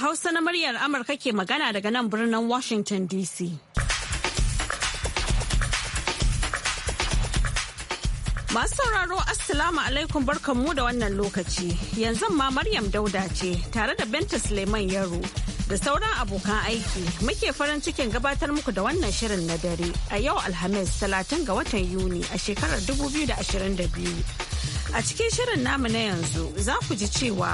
Hausa na muryar Amurka ke magana daga nan birnin Washington DC. Masu sauraro Assalamu alaikum barkanmu da wannan lokaci. Yanzu ma Maryam Dauda ce tare da Binta Suleiman Yaro da sauran abokan aiki muke farin cikin gabatar muku da wannan shirin na dare a yau Alhamis 30 ga watan Yuni a shekarar 2022. A cikin shirin namu na yanzu za ku ji cewa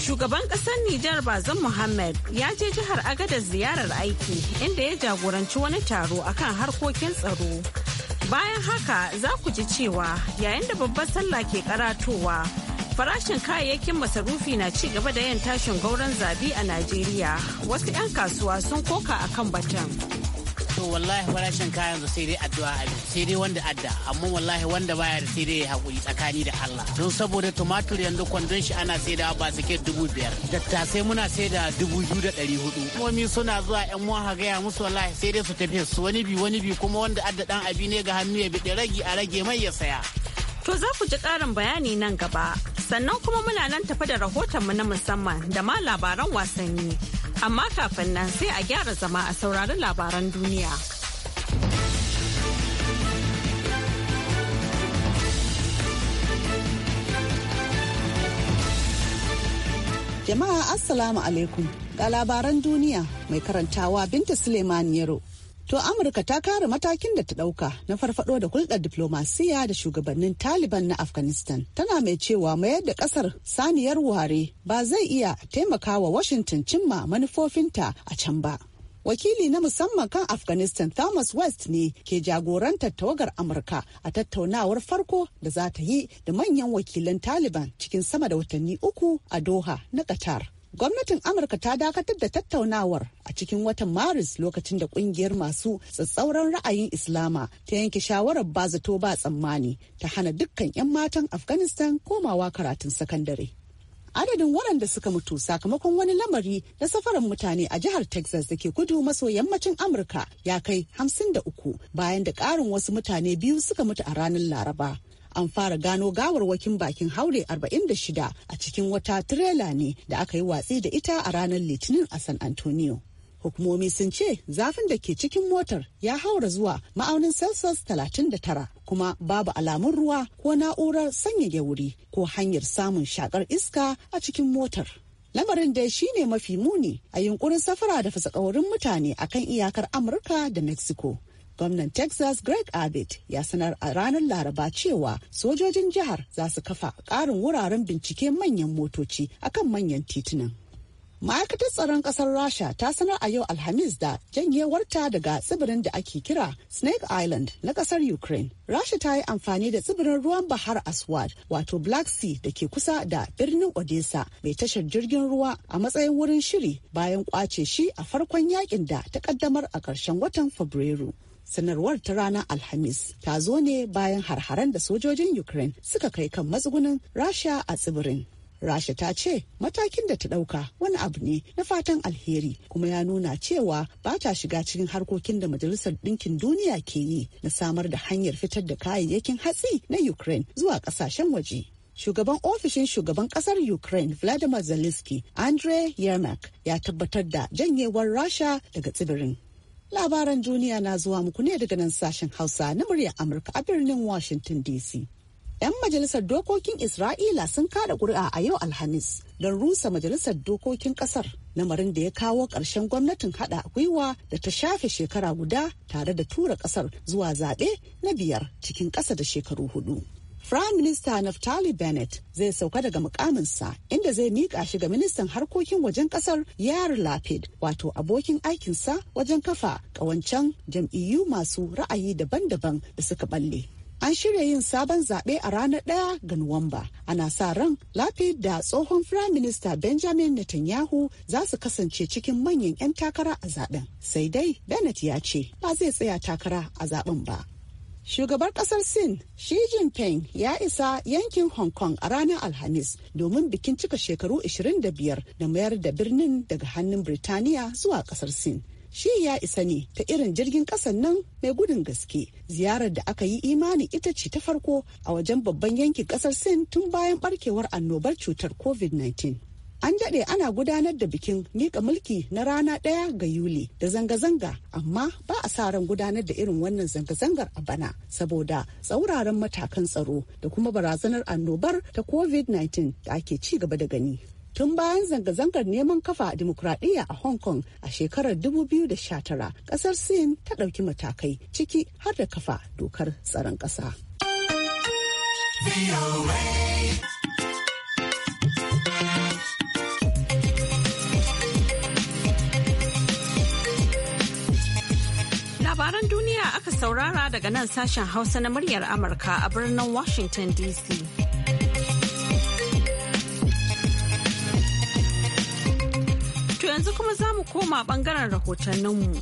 Shugaban ƙasar Nijar Bazan Mohammed ya je jihar Agada ziyarar aiki inda ya jagoranci wani taro a kan harkokin tsaro. Bayan haka za ku ji cewa yayin da babbar sallah ke karatowa farashin kayayyakin masarufi na ci gaba da yin tashin gauran zabi a Najeriya wasu 'yan kasuwa sun koka akan batun. to wallahi farashin kayan yanzu sai dai addu'a a sai dai wanda adda amma wallahi wanda baya da sai dai hakuri tsakani da Allah don saboda tumatur yanzu kwandon shi ana sai da ba ke dubu biyar sai muna sai da dubu biyu da ɗari hudu momi suna zuwa yan muwa gaya musu wallahi sai dai su tafi su wani bi wani bi kuma wanda adda dan abi ne ga hannu ya bi ragi a rage mai ya saya To za ku ji ƙarin bayani nan gaba. Sannan kuma muna nan tafi da rahotonmu na musamman da ma labaran wasanni. Amma kafin nan sai a gyara zama a saurari labaran duniya. Jama'a Assalamu alaikum ga labaran duniya mai karantawa Binta Suleiman Yaro. To Amurka ta kare matakin da ta ɗauka na farfado da hulɗar diplomasiya da shugabannin Taliban na Afghanistan. Tana mai cewa mayar da ƙasar saniyar ware ba zai iya taimakawa Washington cimma manufofinta a can ba. wakili na musamman kan afghanistan thomas west ne ke jagorantar tawagar amurka a tattaunawar farko da za ta yi da manyan wakilan taliban cikin sama da watanni uku a doha na qatar gwamnatin amurka ta dakatar da tattaunawar a cikin watan maris lokacin da kungiyar masu tsatsauran ra'ayin islama ta yanke shawarar ba zato ba tsammani ta hana dukkan 'yan matan afghanistan komawa karatun sakandare adadin waɗanda suka mutu sakamakon wani lamari na safarar mutane a jihar texas da ke kudu maso yammacin amurka ya kai 53 bayan da ƙarin wasu mutane biyu suka mutu a ranar laraba an fara gano gawarwakin bakin haure 46 a cikin wata tirela ne da aka yi watsi da ita a ranar litinin a san antonio hukumomi sun ce zafin da ke cikin motar ya haura zuwa ma'aunin celsius 39 kuma babu alamun ruwa ko na'urar sanyaya wuri ko hanyar samun shakar iska a cikin motar lamarin dai shine mafi muni a yunkurin safara da fasakawarin mutane akan iyakar amurka da mexico Gwamnan Texas Greg Abbott ya sanar a ranar Laraba cewa sojojin jihar za su kafa ƙarin wuraren bincike manyan motoci akan manyan titunan. ma'aikatar tsaron kasar rasha ta sanar a yau alhamis da janyewarta daga tsibirin da ake kira snake island na kasar ukraine rasha ta yi amfani da tsibirin ruwan bahar aswad wato black sea da ke kusa da birnin odessa mai tashar jirgin ruwa a matsayin wurin shiri bayan kwace shi a farkon yakin da ta kaddamar a ƙarshen watan fabrairu sanarwar ta ranar alhamis ta zo ne bayan harharen da sojojin ukraine suka kai kan matsugunin rasha a tsibirin rasha ta ce matakin da ta ɗauka wani abu ne na fatan alheri kuma ya nuna cewa ba ta shiga cikin harkokin da majalisar ɗinkin duniya ke yi na samar da hanyar fitar da kayayyakin hatsi na ukraine zuwa ƙasashen waje shugaban ofishin shugaban kasar ukraine vladimir zelensky andre yermak ya tabbatar da janyewar rasha daga tsibirin Labaran duniya na zuwa muku ne daga nan sashen Hausa na muryar Amurka a birnin Washington DC. 'Yan majalisar dokokin Isra'ila sun kada ƙuri'a a yau Alhamis don rusa majalisar dokokin kasar lamarin da ya kawo ƙarshen gwamnatin haɗa gwiwa da ta shafe shekara guda tare da tura ƙasar zuwa zaɓe na biyar cikin ƙasa da shekaru hudu. Prime Minister Naftali Bennett zai sauka daga mukaminsa inda zai miƙa shi ga ministan harkokin wajen ƙasar Yair Lapid wato abokin aikinsa wajen kafa ƙawancen jam'iyyu masu ra'ayi daban-daban da suka balle. An shirya yin sabon zaɓe a ranar ɗaya ga Nuwamba. Ana sa ran Lapid da tsohon Prime Minista Benjamin Netanyahu za su kasance cikin manyan 'yan takara a zaɓen. Sai dai Bennett ya ce ba zai tsaya takara a zaɓen ba. Shugabar kasar Sin Xi Jinping ya isa yankin Hong Kong a ranar Alhamis domin bikin cika shekaru 25 da mayar da birnin daga hannun Birtaniya zuwa kasar Sin. Shi ya isa ne ta irin jirgin kasan nan mai gudun gaske ziyarar da aka yi imani ita ce ta farko a wajen babban yankin kasar Sin tun bayan barkewar annobar cutar COVID-19. An daɗe ana gudanar da bikin miƙa mulki na rana ɗaya ga Yuli da zanga-zanga amma ba a sa ran gudanar da irin wannan zanga-zangar a bana saboda tsauraran matakan tsaro da kuma barazanar annobar ta COVID-19 da ake ci gaba da gani. tun bayan zanga-zangar neman kafa dimokuraɗiyya a hong kong a shekarar 2019 ƙasar sin ta ɗauki matakai ciki har da kafa dokar tsaron ƙasa. Labaran duniya aka saurara daga nan sashen Hausa na muryar Amurka a birnin Washington DC. To yanzu kuma za mu koma bangaren rahotanninmu.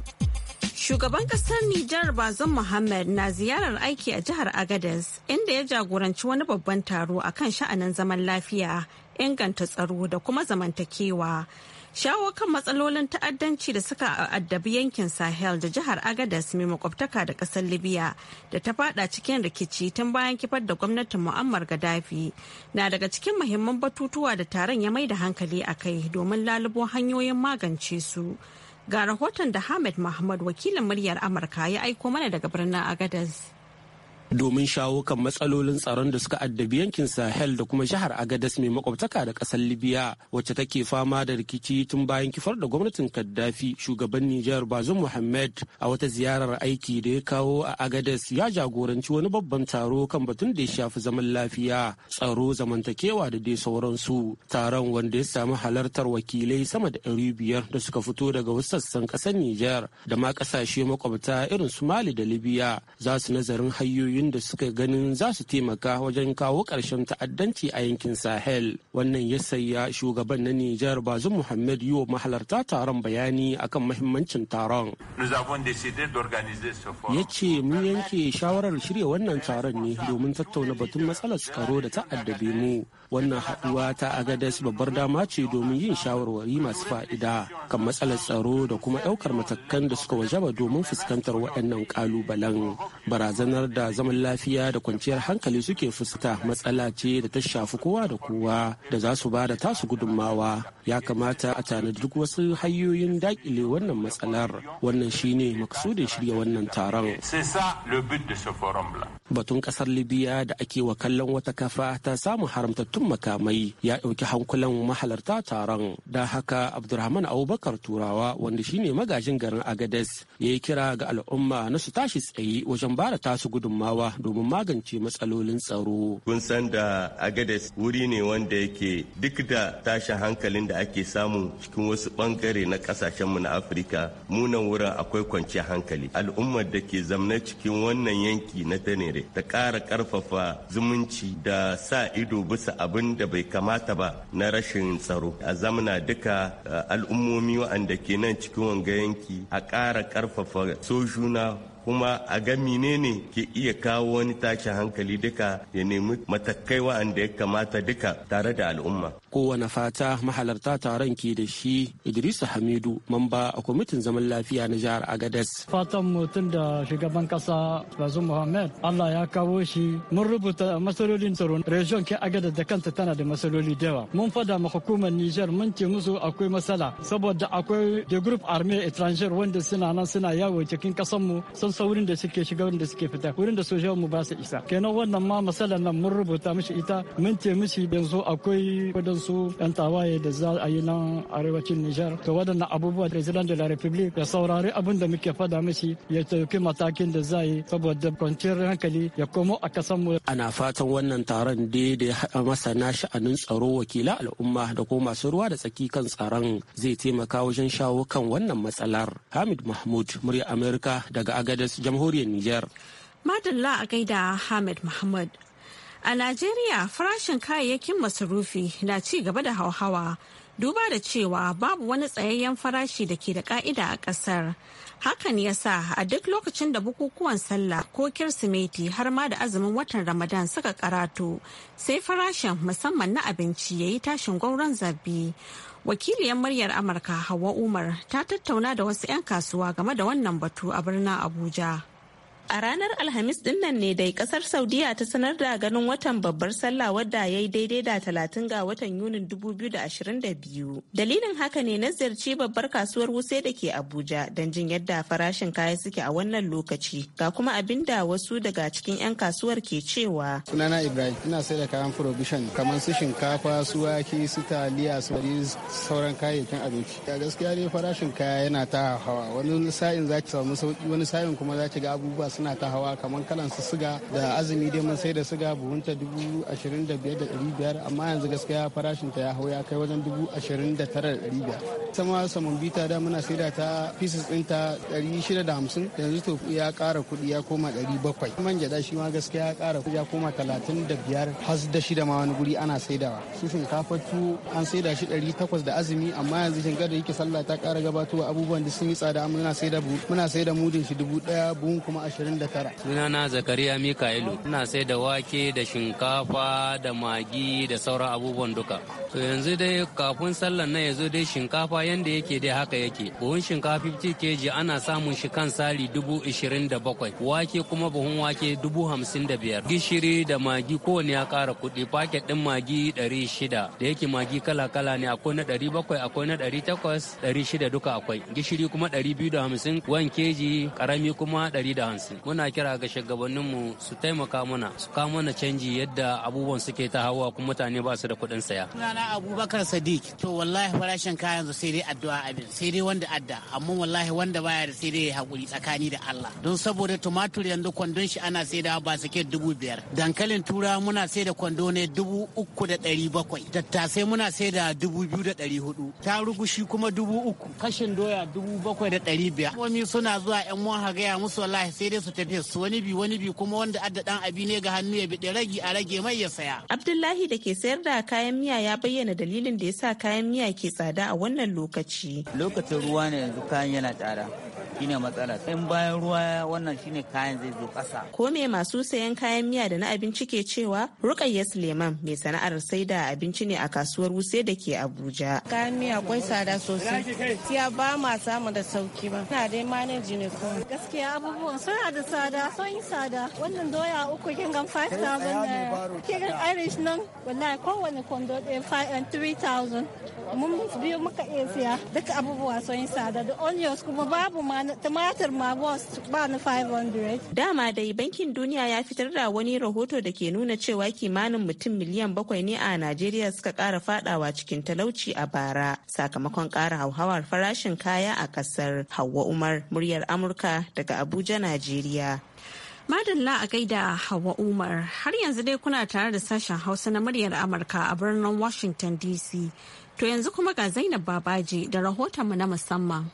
Shugaban kasar Nijar bazan Muhammad na ziyarar aiki a jihar Agadez inda ya jagoranci wani babban taro akan sha'anin zaman lafiya, inganta tsaro da kuma zamantakewa. shawo kan matsalolin ta'addanci da suka addabi yankin sahel da jihar agadas mai makwabtaka da kasar libya da ta fada cikin rikici tun bayan kifar da gwamnatin muammar gaddafi na daga cikin mahimman batutuwa da taron ya mai da hankali a kai domin lalubo hanyoyin magance su ga rahoton da hamid mahmud wakilin muryar amurka ya aiko mana daga birnin agadas domin shawo kan matsalolin tsaron da suka addabi yankin Sahel da kuma jihar Agadas mai makwabtaka da kasar Libya wacce take fama da rikici tun bayan kifar da gwamnatin Kaddafi shugaban Nijar Bazoum Muhammed a wata ziyarar aiki da ya kawo a Agadas ya jagoranci wani babban taro kan batun da ya shafi zaman lafiya, tsaro, zamantakewa da dai sauransu. Taron wanda ya samu halartar wakilai sama da ɗari biyar da suka fito daga wasu sassan ƙasar Nijar da ma ƙasashe makwabta irin su Mali da Libya za su nazarin hanyoyi jam'iyyun da suka ganin za su taimaka wajen kawo ƙarshen ta'addanci a yankin sahel wannan ya saya shugaban na nijar muhammed muhammad yiwo mahalarta taron bayani akan mahimmancin taron ya ce mun yanke shawarar shirya wannan taron ne domin tattauna batun matsalar tsaro da ta'addabe mu wannan haɗuwa ta agadas babbar dama ce domin yin shawarwari masu fa'ida kan matsalar tsaro da kuma ɗaukar matakan da suka wajaba domin fuskantar waɗannan ƙalubalen barazanar da zaman lafiya da kwanciyar hankali suke fuskanta matsala ce da ta shafi kowa da kowa da za su ba da tasu gudunmawa ya kamata a tanadi duk wasu hanyoyin dakile wannan matsalar wannan shine maksudin shirya wannan taron batun kasar libya da ake wa kallon wata kafa ta samun haramtattu batun makamai ya ɗauki hankulan mahalarta taron da haka abdulrahman abubakar turawa wanda shine magajin garin agades ya yi kira ga al'umma na su tashi tsaye wajen bara tasu gudummawa domin magance matsalolin tsaro kun san da agades wuri ne wanda yake duk da tashin hankalin da ake samu cikin wasu bangare na mu na afirka munan wurin akwai kwanciyar hankali al'ummar da ke zamna cikin wannan yanki na tanere ta kara karfafa zumunci da sa ido bisa abin da bai kamata ba na rashin tsaro a zamana duka al'ummomi waɗanda ke nan cikin wanga yanki a ƙara ƙarfafa sojuna kuma a ga menene ke iya kawo wani tashin hankali duka ya nemi matakai waɗanda ya kamata duka tare da al'umma kowane fata mahalarta taron ke da shi idrisu hamidu mamba a kwamitin zaman lafiya na jihar agadas fatan mutum da shugaban kasa bazu muhammad allah ya kawo shi mun rubuta masalolin tsaro region ke agadas da kanta tana da masaloli da yawa mun fada ma hukumar niger mun ce musu akwai matsala saboda akwai the group army étrangère wanda suna nan suna yawo cikin kasan mu sun saurin da suke shiga wurin da suke fita wurin da sojan mu ba su isa kenan wannan ma matsalar nan mun rubuta mishi ita mun ce mishi yanzu akwai wasu 'yan tawaye da za a yi nan arewacin Nijar. To waɗannan abubuwa president de la republique ya saurari abin da muke fada mishi ya tauki matakin da za yi saboda kwanciyar hankali ya komo a kasan mu. Ana fatan wannan taron da ya masa masana sha'anin tsaro wakila al'umma da ko masu ruwa da tsaki kan tsaron zai taimaka wajen shawo kan wannan matsalar. Hamid Mahmud, murya Amerika daga Agadez, jamhuriyar Nijar. Madalla a gaida Hamid Mahmud. A Najeriya farashin kayayyakin masarufi na ci gaba da hauhawa duba da cewa babu wani tsayayyen farashi da ke da ka'ida a ƙasar. Hakan ya sa a duk lokacin da bukukuwan sallah ko kirsimeti har ma da azumin watan Ramadan suka karatu, sai farashin musamman na abinci ya yi tashin gwauron zabi. Wakiliyar muryar Amurka Hawa Umar ta tattauna da wasu 'yan kasuwa game da wannan batu a birnin Abuja. A ranar Alhamis ɗinnan ne dai kasar Saudiya ta sanar da ganin watan babbar sallah wadda ya yi daidai da talatin ga watan Yunin 2022. Dalilin haka ne na ziyarci babbar kasuwar wuse da ke Abuja don jin yadda farashin kaya suke a wannan lokaci. Ga kuma abin da wasu daga cikin 'yan kasuwar ke cewa. Sunana Ibrahim ina sai da kayan provision kamar su shinkafa, su wake, su taliya, su sauran kayayyakin abinci. A gaskiya ne farashin kaya yana ta hawa wani sa'in za ki samu sauki wani sa'in kuma za ki ga abubuwa suna ta hawa kamar kalan su siga da azumi dai mun sai da siga buhunta dubu ashirin da biyar da ɗari biyar amma yanzu gaskiya farashin ta ya hau ya kai wajen dubu ashirin da tara da ɗari biyar. Sama saman bita da muna sai da ta pieces ta ɗari shida da hamsin yanzu to ya ƙara kuɗi ya koma ɗari bakwai. Man gyaɗa shi ma gaskiya ya ƙara kuɗi ya koma talatin da biyar has da shida ma wani guri ana saidawa. Su shinkafa tu an saida shi ɗari takwas da azumi amma yanzu shinkafa da yake sallah ta ƙara gabatowa abubuwan da sun yi tsada muna saida muna saida mudin shi dubu ɗaya buhun kuma ashirin 29. Sunana Zakariya Mika'ilu. Ina sai da wake da shinkafa da magi da sauran abubuwan duka. To yanzu dai kafin sallan nan yanzu dai shinkafa yanda yake dai haka yake. Buhun shinkafa 50 kg ana samun shi kan sari dubu ishirin da bakwai. Wake kuma buhun wake dubu hamsin da biyar. Gishiri da magi kowane ya kara kuɗi. Paket ɗin magi 600. shida. Da yake magi kala-kala ne akwai na 700 bakwai akwai na 800 takwas shida duka akwai. Gishiri kuma 250 biyu da hamsin. Wan keji karami kuma 150. da hamsin. muna kira ga shugabanninmu su taimaka mana su kawo mana canji yadda abubuwan suke ta hawa kuma mutane ba su da kuɗin saya. Sunana Abubakar Sadiq to wallahi farashin kayan su sai dai addu'a abin sai dai wanda adda amma wallahi wanda baya da sai dai hakuri tsakani da Allah don saboda tumatur yanzu kwandon shi ana sai da ba sake dubu biyar dankalin tura muna sai da kwando ne dubu uku da ɗari bakwai tattasai muna sai da dubu biyu da ɗari hudu ta kuma dubu uku kashin doya dubu bakwai da ɗari biyar. Komi suna zuwa 'yan mun ya musu wallahi sai sai su tafi su wani bi wani bi kuma wanda adda dan abi ne ga hannu ya biɗe ragi a rage mai ya saya. Abdullahi da ke sayar da kayan miya ya bayyana dalilin da ya sa kayan miya ke tsada a wannan lokaci. Lokacin ruwa ne yanzu kayan yana tsada. shine matsala in bayan ruwa wannan shine kayan zai zo ƙasa. ko me masu sayan kayan miya da na abinci ke cewa rukayya suleiman mai sana'ar sai da abinci ne a kasuwar wuse da ke abuja kayan miya akwai tsada sosai siya ba ma samu da sauki ba na dai manaji ne kuma gaskiya abubuwan suna da tsada sun yi tsada wannan doya uku kin gan thousand eh, kin gan irish nan wallahi kowane kwando ɗaya 3000 eh, mun biyu muka iya siya duka abubuwa sun yi tsada da onions kuma babu ma tumatir ma boss ba na 500. Dama dai bankin duniya ya fitar da wani rahoto da ke nuna cewa kimanin mutum miliyan bakwai ne a Najeriya suka kara fadawa cikin talauci a bara sakamakon kara hauhawar farashin kaya a kasar. Hauwa Umar muryar Amurka daga Abuja, Najeriya. Madalla a gaida Hawa Umar har yanzu dai kuna tare da sashen Hausa na muryar Amurka a birnin Washington DC. To yanzu kuma ga Zainab Babaji da rahoton mu na musamman.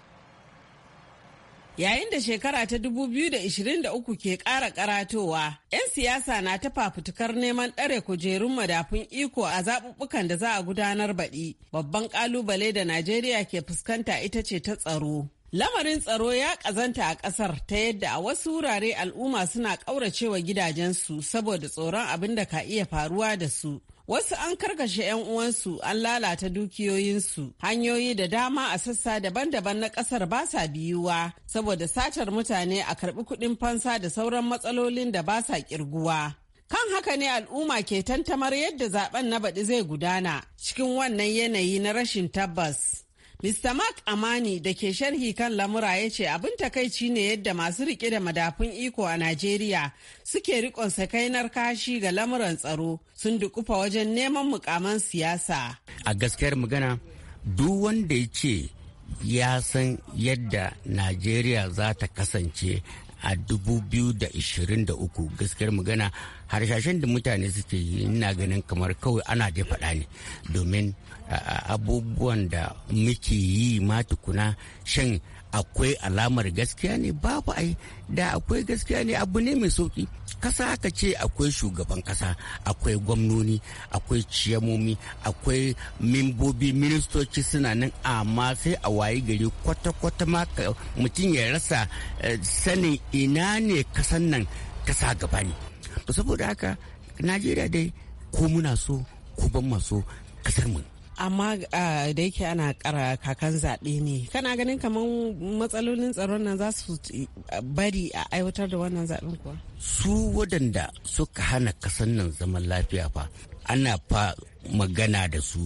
Yayin da shekara ta 2023 ke ƙara karatowa, 'yan siyasa na ta fafutukar neman ɗare kujerun madafun iko a zaɓuɓɓukan da za a gudanar baɗi. Babban ƙalubale da Najeriya ke fuskanta ita ce ta tsaro. Lamarin tsaro ya ƙazanta a ƙasar ta yadda a wasu wurare al'umma suna ƙauracewa gidajensu saboda tsoron abin da ka iya faruwa da su. Wasu an karkashe 'yan uwansu an lalata dukiyoyinsu. Hanyoyi da dama a sassa daban-daban na kasar ba sa biyuwa saboda satar mutane a karbi kuɗin fansa da sauran matsalolin da ba sa kirguwa. Kan haka ne al'umma ke tantamar yadda zaben na baɗi zai gudana cikin wannan yanayi na rashin tabbas. Mr. Mark Amani da ke sharhi kan lamura ya ce abin takaici ne yadda masu rike da madafun iko a Najeriya suke rikon sakainar kashi ga lamuran tsaro sun dukufa wajen neman mukaman siyasa. A gaskiyar magana duk wanda ya ce ya san yadda Najeriya za ta kasance a 2023 gaskiyar magana harshashen da mutane suke yi ina ganin kamar kawai ana faɗa ne domin abubuwan da muke yi ma tukuna shan akwai alamar gaskiya ne babu ai da akwai gaskiya ne abu ne mai sauki kasa aka ce akwai shugaban kasa akwai gwamnoni akwai ciyamomi akwai mimbobi ministoci suna nan amma sai a wayi gari kwata-kwata ma mutum ya rasa eh, sanin ina ne kasan nan kasa gaba ne to saboda haka najeriya dai ko muna so ko ban maso kasar mu amma ah, da yake ana kara kakan zaɓe ne kana ganin kamar matsalolin tsaron nan za su ah, bari a aiwatar da wannan zaɓen kuwa su waɗanda suka hana kasan nan zaman lafiya fa ana fa magana da su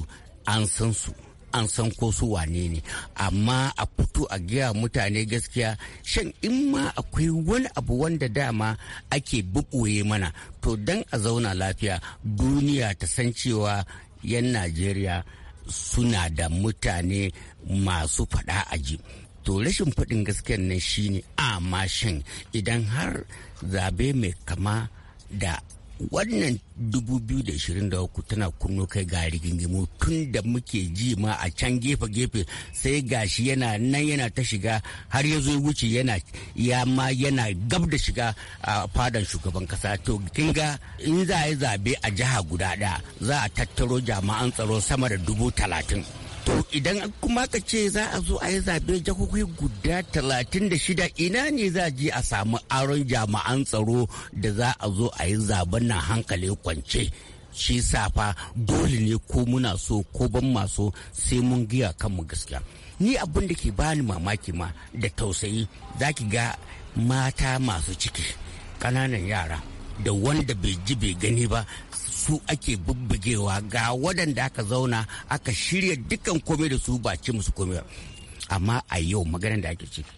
an san su an san ko su wane ne amma a fito a gaya mutane gaskiya shan in ma akwai wani abu wanda dama ake buɓoye mana to don a zauna lafiya duniya ta san cewa 'yan najeriya suna da mutane masu faɗa ji. to rashin faɗin gaskiyar nan shine a mashin idan har zabe mai kama da wannan 2023 tana kunno kai ga rigingimu tun da muke ji ma a can gefe-gefe sai gashi yana nan yana ta shiga har ya zo wuce yana ya ma yana gab da shiga a fadan shugaban kasa to kinga in za a yi zabe a jiha guda ɗaya za a tattaro jama'an tsaro sama da dubu talatin to idan kuma ka ce za a zo a yi zaɓe jihohi guda talatin da shida ina ne za a je a samu aron jami'an tsaro da za a zo a yi zaben nan hankali kwance shi safa dole ne ko muna so ko ban maso sai mun giya kanmu gaskiya ni abin da ke bani mamaki ma da tausayi za ki ga mata masu ciki ƙananan yara da wanda bai ji bai gani ba su ake bubbugewa ga waɗanda aka zauna aka shirya dukkan komai da su ba ci musu komai amma a yau maganar da ake ciki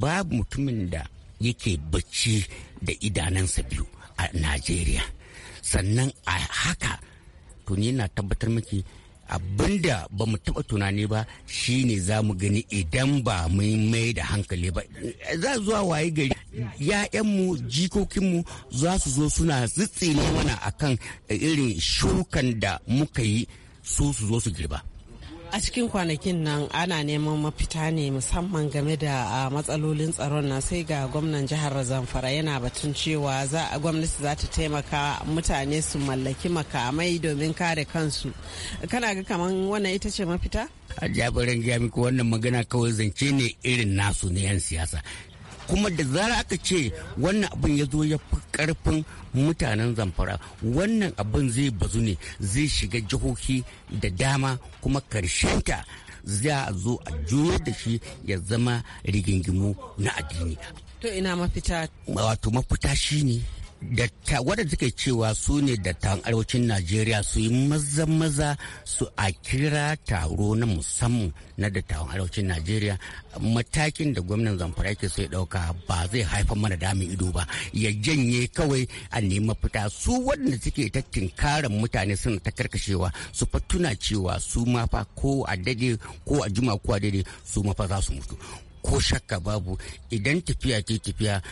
babu mutumin da yake bacci da idanansa biyu a najeriya sannan a haka tuni ni na tabbatar miki abin da ba mu taɓa tunani ba shine za mu gani idan ba mu mai da hankali ba za zuwa waye gari ya'yanmu jikokinmu za su zo suna zitsine mana akan irin shukan da muka yi su su zo su girba a cikin kwanakin nan ana neman mafita ne musamman game da matsalolin tsaron nan sai ga gwamnan jihar zamfara yana batun cewa za a gwamnati za ta taimaka mutane su mallaki makamai domin kare kansu kana ga kaman wannan ita ce mafita a jabirin wannan magana kawai zance ne irin nasu ne yan siyasa kuma da zara aka ce wannan abin ya zo ya fi karfin mutanen zamfara wannan abin zai bazu ne zai shiga jihohi da dama kuma ta za a zo a juyo da shi ya zama rigingimu na addini to ina mafita wato mafita shine wadda take cewa su ne dattawan arewacin najeriya su yi maza-maza su a kira taro na musamman na dattawan arewacin najeriya matakin da gwamnan zamfara yake sai dauka ba zai haifar mana damin ido ba ya janye kawai a nemi fita su waɗanda suke ta tinkarar mutane suna ta karkashewa su fa tuna cewa su ma fa ko a dade ko a juma ko a dade su ma fa za su mutu ko shakka babu idan tafiya ke tafiya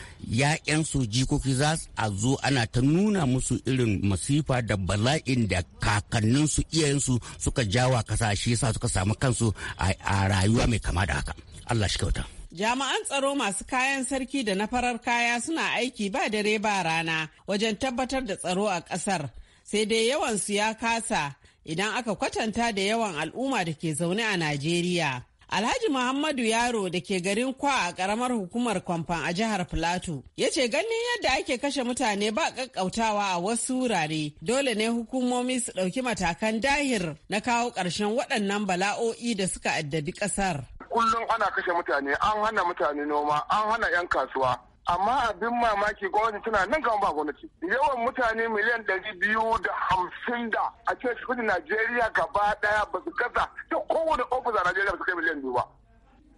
‘ya'yansu jikoki za a zo ana ta nuna musu irin masifa da bala'in da kakanninsu iyayensu suka jawa kasa shi yasa suka samu kansu a rayuwa mai kama da haka Allah shi kyauta Jami'an tsaro masu kayan sarki da na farar kaya suna aiki ba dare ba rana wajen tabbatar da tsaro a ƙasar sai dai yawansu ya kasa idan aka kwatanta da yawan al'umma da ke zaune a Najeriya. Alhaji Muhammadu Yaro da ke garin Kwa a karamar hukumar Kwamfan a jihar Filato ya ce ganin yadda ake kashe mutane ba kakkautawa a wasu wurare dole ne hukumomi su ɗauki matakan dahir na kawo ƙarshen waɗannan bala'o'i da suka addabi ƙasar. Kullum ana kashe mutane, an hana mutane noma, an hana 'yan kasuwa. amma abin mamaki gwamnati tana nan kama ba gwamnati yawan mutane miliyan ɗari biyu da hamsin da a ce kudin najeriya gaba ɗaya ba su kasa da kowane ofis a najeriya ba su kai miliyan biyu ba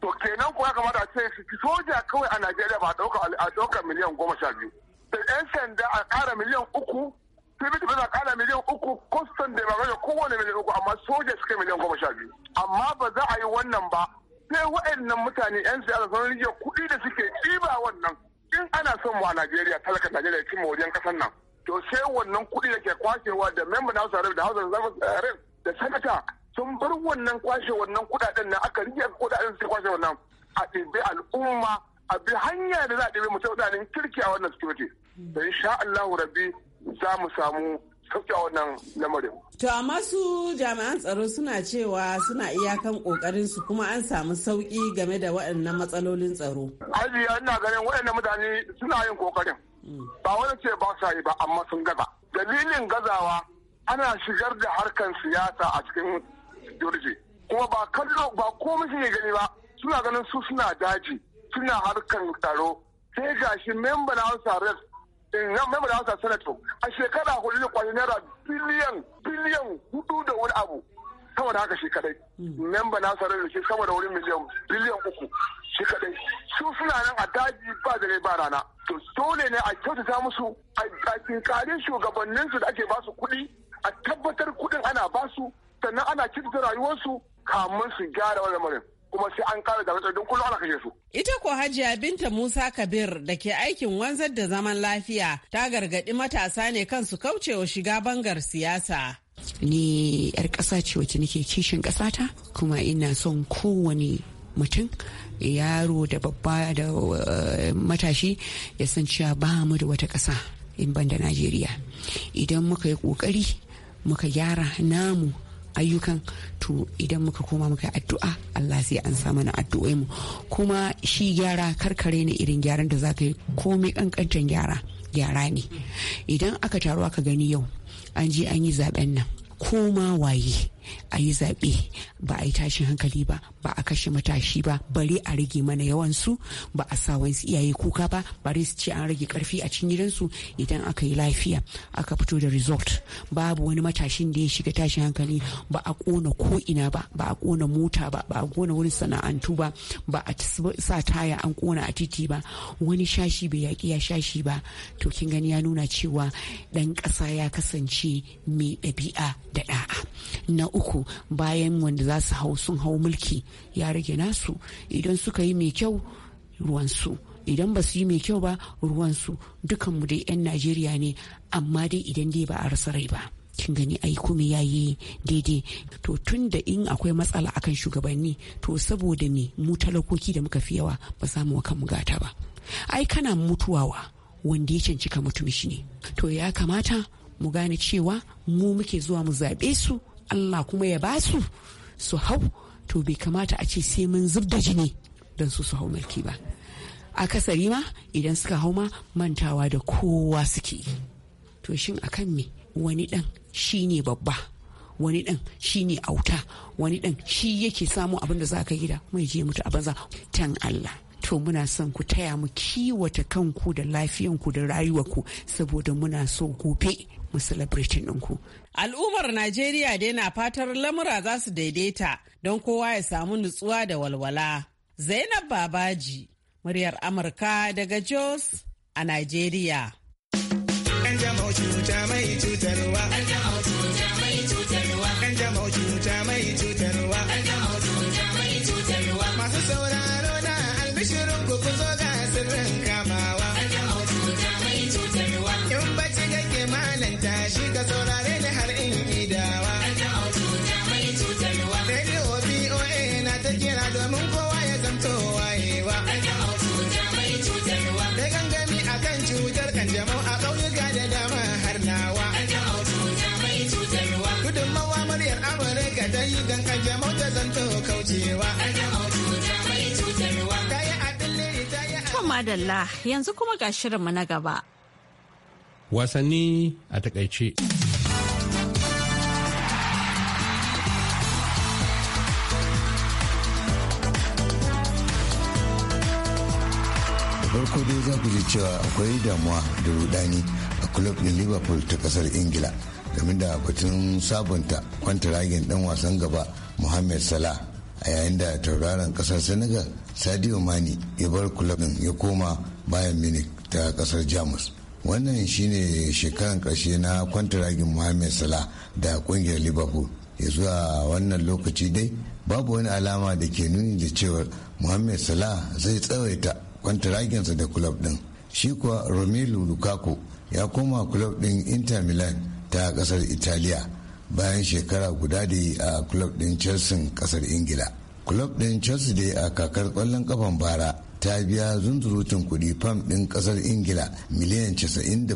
to kenan kuwa kamata a ce soja kawai a najeriya ba a ɗaukar miliyan goma sha biyu da yan sanda a ƙara miliyan uku sibiti a ƙara miliyan uku kwastan da ba ga kowane miliyan uku amma soja su kai miliyan goma sha biyu amma ba za a yi wannan ba sai waɗannan mutane yan siyasa sun rige kuɗi da suke ɗiba wannan in ana son mu a Najeriya talaka Najeriya cin wajen kasar nan to sai wannan kuɗi da ke kwashewa da member na Hausa da Hausa da sanata sun bar wannan kwashe wannan kuɗaɗen na aka rike kuɗaɗen su kwashe wannan a ɗibe al'umma a bi hanya da za a ɗibe mutum kirki a wannan security. Da insha Allahu Rabbi za mu samu sauƙa wannan lamarin. To amma su jami'an tsaro suna cewa suna iyakan kokarin su kuma an samu sauki game da waɗannan matsalolin tsaro. Aji ina ganin waɗannan mutane suna yin ƙoƙarin. Hmm. Ba wani ce ba sa yi ba amma sun gaza. Dalilin gazawa ana shigar da harkan siyasa a cikin jirgi. Kuma ba kallo ba komai suke gani ba suna ganin su suna daji suna harkan tsaro. Sai gashi memba na Hausa member house of senate a shekara hudu ne kwaje naira biliyan biliyan hudu da wani abu saboda haka shi kadai hmm. member na sarar da shi saboda wani miliyan biliyan uku shi kadai su suna nan a daji ba dare ba rana to dole ne a kyautata musu a kinkarin su da ake ba su kuɗi a tabbatar kuɗin ana ba su sannan ana kyautata rayuwarsu kamar su gyara wani lamarin kuma sai an kare zaɓe don kullum ana kashe su. Ita ko Hajiya Binta Musa Kabir da ke aikin wanzar da zaman lafiya ta gargaɗi matasa ne kansu kaucewa shiga bangar siyasa. Ni 'yar ƙasa ce wacce nake kishin ƙasata kuma ina son kowane mutum yaro da babba da eh, matashi ya san cewa ba mu da wata ƙasa in ban da Najeriya. Idan muka yi ƙoƙari muka gyara namu ayyukan to idan muka koma muka addu'a Allah sai an sa mana addu'o'i mu kuma shi gyara karkare ne irin gyaran da zaka yi komai kankantan gyara gyara ne idan aka taru aka gani yau an je an yi zaben nan koma waye a yi zaɓe ba a yi tashin hankali ba ba a kashe matashi ba bare a rage mana yawan su ba a sa wasu iyaye kuka ba bari su ce an rage karfi a cikin gidansu idan aka yi lafiya aka fito da result babu wani matashin da ya shiga tashin hankali ba a kona ko ina ba ba a kona mota ba ba a kona wurin sana'antu ba ba a sa taya an kona a titi ba wani shashi bai yaƙi ya shashi ba to kin gani ya nuna cewa ɗan ƙasa ya kasance mai ɗabi'a da ɗa'a na uku bayan wanda za su hau sun hau mulki ya rage nasu idan suka yi mai kyau ruwansu idan ba su yi mai kyau ba ruwansu dukanmu dai 'yan najeriya ne amma dai idan dai ba a rasa rai ba kin gani ai kuma ya yi daidai to tun da in akwai matsala akan shugabanni to saboda me mu talakoki da muka fi yawa ba za mu wa kanmu gata ba ai kana mutuwawa wanda ya cancika ka mutum shi ne to ya kamata mu gane cewa mu muke zuwa mu zaɓe su Allah kuma ya basu su hau to bai kamata a ce sai mun zub da jini don su su hau mulki ba a kasari ma idan suka hau ma mantawa da kowa suke to shin akan me wani dan shine babba wani dan shine auta wani dan shi yake samu abin da za ka gida mai je mutu a banza tan Allah to muna son ku taya mu kiwata kanku da lafiyanku da rayuwarku saboda muna so gobe mu celebrating ɗinku. Al'ummar Najeriya dai na fatar lamura za su daidaita don kowa ya samu nutsuwa da walwala. Zainab Babaji, muryar Amurka daga Jos a Najeriya. cuta rage mota zanto kaucewa madalla yanzu kuma ga shirinmu na gaba. Wasanni a takaice. farko dai za ku ji cewa akwai damuwa da rudani a kulob din liverpool ta kasar ingila game da batun sabunta kwantaragen dan wasan gaba Mohamed Salah a yayin da tauraron kasar Senegal Sadio Mane ya bar kulabin ya koma bayan Munich ta kasar Jamus. Wannan shine shekaran ƙarshe na kwantaragin Mohamed Salah da kungiyar Liverpool. Ya zuwa wannan lokaci dai babu wani alama da ke nuni da cewar Mohamed Salah zai tsawaita kwantaraginsa da kulab din. Shi kuwa Romelu Lukaku ya koma kulab din Inter Milan ta kasar Italiya bayan shekara guda da yi a club din chelsea kasar ingila club din chelsea dai a kakar kwallon kafan bara ta biya zunzurutun kuɗi fam ɗin ƙasar ingila miliyan 97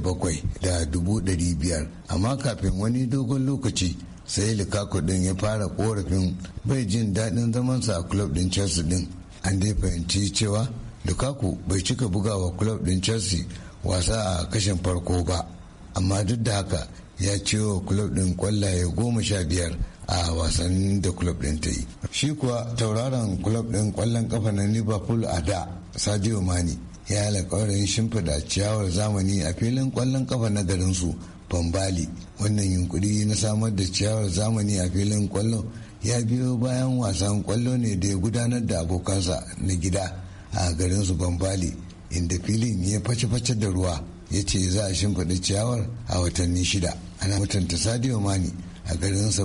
da dubu biyar amma kafin wani dogon lokaci sai lukaku din ya fara korafin bai jin daɗin zamansa a club din chelsea din an dai fahimci cewa lukaku bai cika bugawa club din chelsea wasa a kashin farko ba amma duk da haka ya ce wa kulob ɗin kwallaye goma sha biyar a wasannin da kulob din ta yi shi kuwa tauraron kulob din kwallon kafa na liverpool a da sadio mani ya alƙawarin shimfida ciyawar zamani a filin kwallon kafa na garinsu bambali wannan yunkuri na samar da ciyawar zamani a filin kwallo ya biyo bayan wasan kwallo ne da ya gudanar da abokansa na gida a garinsu bambali inda filin ya face-face da ruwa ya ce za a shimfiɗa ciyawar a watanni shida ana mutunta sadio mani a garin sa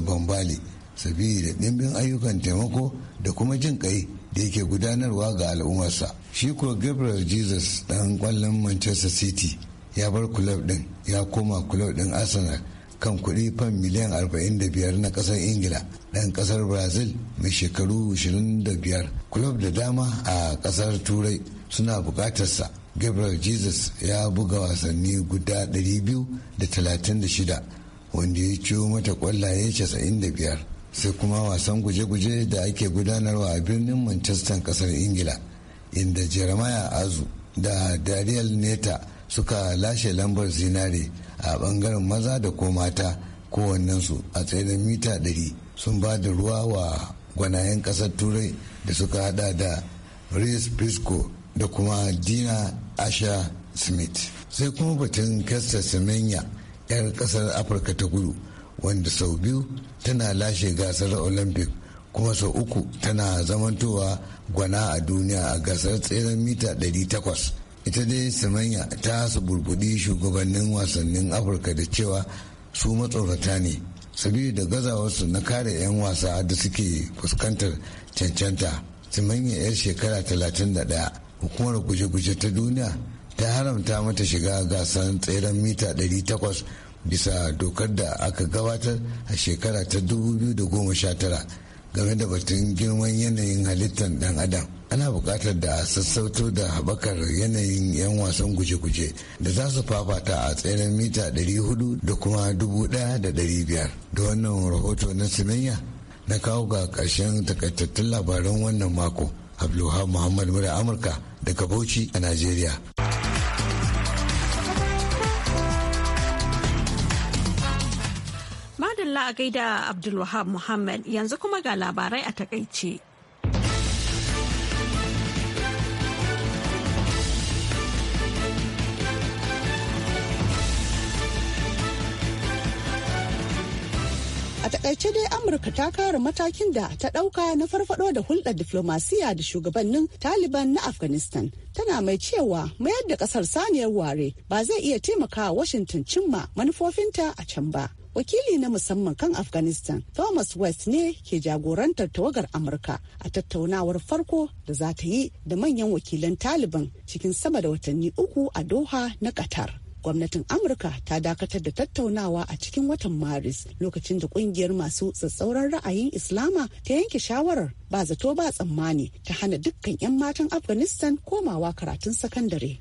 sabili da ɗimbin ayyukan taimako da kuma jin kai da yake gudanarwa ga al'ummarsa shi ko gabriel jesus ɗan ƙwallon manchester city ya bar kulob ɗin ya koma kulob ɗin arsenal kan kuɗi fan miliyan 45 na ƙasar ingila ɗan ƙasar brazil mai shekaru biyar. kulob da dama a ƙasar turai suna buƙatarsa gabriel jesus ya buga wasanni guda 236 wanda ya ciwo mata kwallaye 95 sai kuma wasan guje-guje da ake gudanarwa a birnin manchester kasar ingila inda jeremiah azu da dariel neta suka lashe lambar zinare a bangaren maza da ko mata kowannensu a tsayin mita 100 sun ba da ruwa wa gwanayen kasar turai da suka hada da Reese Pisco da kuma dina asha smith sai kuma batun kasta semenya 'yar kasar afirka ta gudu wanda sau biyu tana lashe gasar olympic kuma sau uku tana zamantowa gwana a duniya a gasar tseren mita 800 ita dai semenya ta suburbudi shugabannin wasannin afirka da cewa su matsorata ne sabida da gazawarsu na kare 'yan wasa da suke fuskantar cancanta semenya 'yar shekara 31 hukumar guje-guje ta duniya ta haramta mata shiga gasar tseren mita 800 bisa dokar da aka gabatar a shekara ta 2019 game da batun girman yanayin halittar dan adam ana bukatar da sassauto da haɓakar yanayin 'yan wasan guje-guje da za su fafata a tseren mita 400 da kuma 1,500 da wannan rahoto na simenya na kawo ga ƙarshen takaitattun labaran wannan mako abdulwahab muhammad mura amurka daga bauchi a najeriya madalla a gaida abdulwahab muhammad yanzu kuma ga labarai a takaice takaice dai amurka ta kare matakin da ta dauka na farfado da hulɗar diflomasiya da shugabannin taliban na afghanistan tana mai cewa mayar da kasar saniyar ware ba zai iya taimakawa washington cimma manufofinta a can ba wakili na musamman kan afghanistan thomas west ne ke jagorantar tawagar amurka a tattaunawar farko da za ta yi da manyan wakilan taliban cikin sama da watanni uku a doha na qatar gwamnatin amurka ta dakatar da tattaunawa a cikin watan maris lokacin da kungiyar masu tsatsauran ra'ayin islama ta yanke shawarar ba zato ba tsammani ta hana dukkan 'yan matan afghanistan komawa karatun sakandare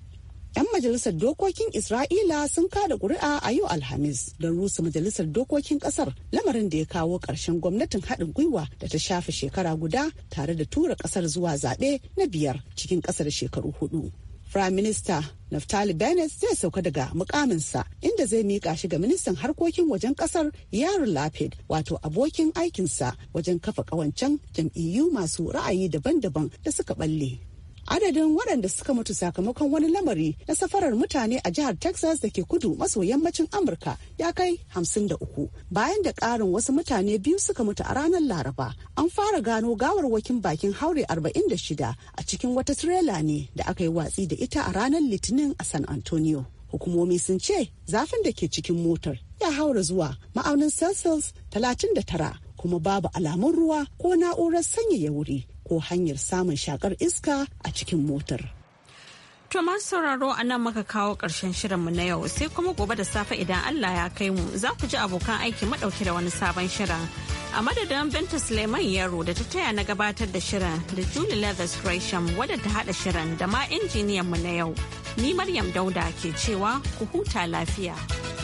'yan majalisar dokokin isra'ila sun kada kuri'a a yau alhamis don rusa majalisar dokokin kasar lamarin da ya kawo ƙarshen gwamnatin haɗin gwiwa da ta shafe shekara guda tare da tura ƙasar zuwa zaɓe na biyar cikin ƙasar shekaru hudu Prime Minister Naftali Bennett zai sauka daga mukaminsa inda zai mika shi ga ministan harkokin wajen kasar Yaron Lapid wato abokin aikinsa wajen kafa kawancen jam'iyyu masu ra'ayi daban-daban da suka balle. adadin waɗanda suka mutu sakamakon wani lamari na safarar mutane a jihar texas da ke kudu maso yammacin amurka ya kai 53 bayan da ƙarin wasu mutane biyu suka mutu a ranar laraba an fara gano gawarwakin bakin haure 46 a cikin wata tirela ne da aka yi watsi da ita a ranar litinin a san antonio hukumomi sun ce zafin da ke cikin motar ya haura zuwa ma'aunin celsius 39 kuma babu alamun ruwa ko na'urar sanyaya wuri ko hanyar samun shakar iska a cikin motar. To sauraro a nan muka kawo ƙarshen shirinmu na yau sai kuma gobe da safe idan Allah ya kai mu za ku ji abokan aiki madauki da wani sabon shirin. A madadin Binta Suleiman Yaro da ta taya na gabatar da shirin da Julie Leathers Gresham wadda ta haɗa shirin da ma injiniyanmu na yau. Ni Maryam Dauda ke cewa ku huta lafiya.